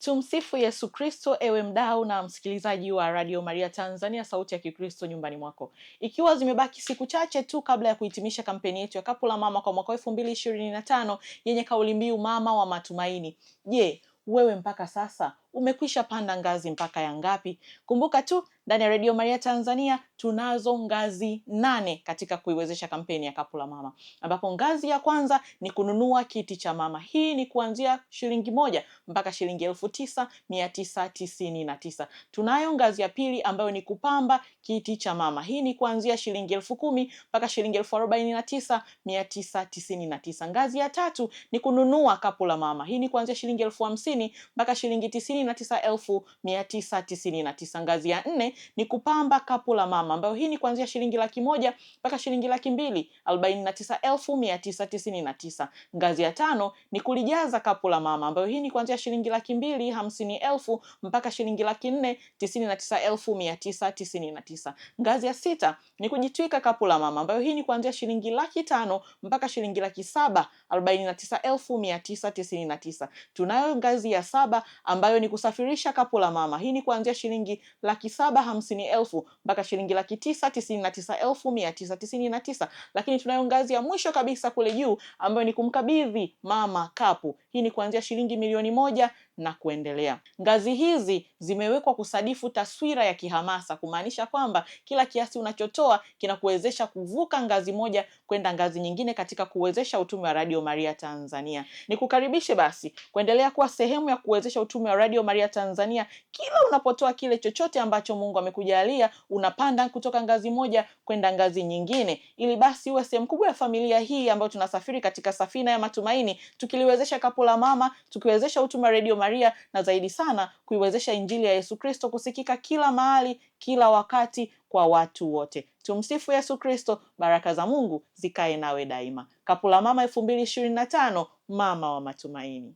Tumsifu Yesu Kristo. Ewe mdau na msikilizaji wa Radio Maria Tanzania, sauti ya Kikristo nyumbani mwako, ikiwa zimebaki siku chache tu kabla ya kuhitimisha kampeni yetu ya Kapu la Mama kwa mwaka elfu mbili ishirini na tano yenye kauli mbiu mama wa matumaini. Je, wewe mpaka sasa umekwisha panda ngazi mpaka ya ngapi? Kumbuka tu ndani ya redio Maria Tanzania tunazo ngazi nane katika kuiwezesha kampeni ya Kapu la Mama, ambapo ngazi ya kwanza ni kununua kiti cha mama. Hii ni kuanzia shilingi moja mpaka shilingi elfu tisa mia tisa tisini na tisa. Tunayo ngazi ya pili ambayo ni kupamba kiti cha mama. Hii ni kuanzia shilingi elfu kumi mpaka shilingi elfu arobaini na tisa mia tisa tisini na tisa. Ngazi ya tatu ni kununua Kapu la Mama. Hii ni kuanzia shilingi elfu hamsini mpaka shilingi tisini tisini Ngazi ya nne ni kupamba kapu la mama, ambayo hii ni kuanzia shilingi laki moja mpaka shilingi laki mbili 49999 Ngazi ya tano ni kulijaza kapu la mama, ambayo hii ni kuanzia shilingi laki mbili hamsini elfu mpaka shilingi laki nne tisini na tisa elfu mia tisa tisini na tisa. Ngazi ya sita ni kujitwika kapu la mama, ambayo hii ni kuanzia shilingi laki tano mpaka shilingi laki saba arobaini na tisa elfu mia tisa tisini na tisa. Tunayo ngazi ya saba ambayo ni kusafirisha kapu la mama. Hii ni kuanzia shilingi laki saba hamsini elfu mpaka shilingi laki tisa tisini na tisa elfu mia tisa tisini na tisa. Lakini tunayo ngazi ya mwisho kabisa kule juu ambayo ni kumkabidhi mama kapu. Hii ni kuanzia shilingi milioni moja na kuendelea. Ngazi hizi zimewekwa kusadifu taswira ya kihamasa, kumaanisha kwamba kila kiasi unachotoa kinakuwezesha kuvuka ngazi moja kwenda ngazi nyingine katika kuwezesha utume wa Radio Maria Tanzania. Nikukaribishe basi kuendelea kuwa sehemu ya kuwezesha utume wa Radio Radio Maria Tanzania, kila unapotoa kile chochote ambacho Mungu amekujalia, unapanda kutoka ngazi moja kwenda ngazi nyingine, ili basi uwe sehemu kubwa ya familia hii ambayo tunasafiri katika safina ya matumaini, tukiliwezesha kapu la mama, tukiwezesha utume wa Radio Maria na zaidi sana kuiwezesha Injili ya Yesu Kristo kusikika kila mahali, kila wakati kwa watu wote. Tumsifu Yesu Kristo. Baraka za Mungu zikae nawe daima. Kapu la Mama elfu mbili ishirini na tano, mama wa matumaini.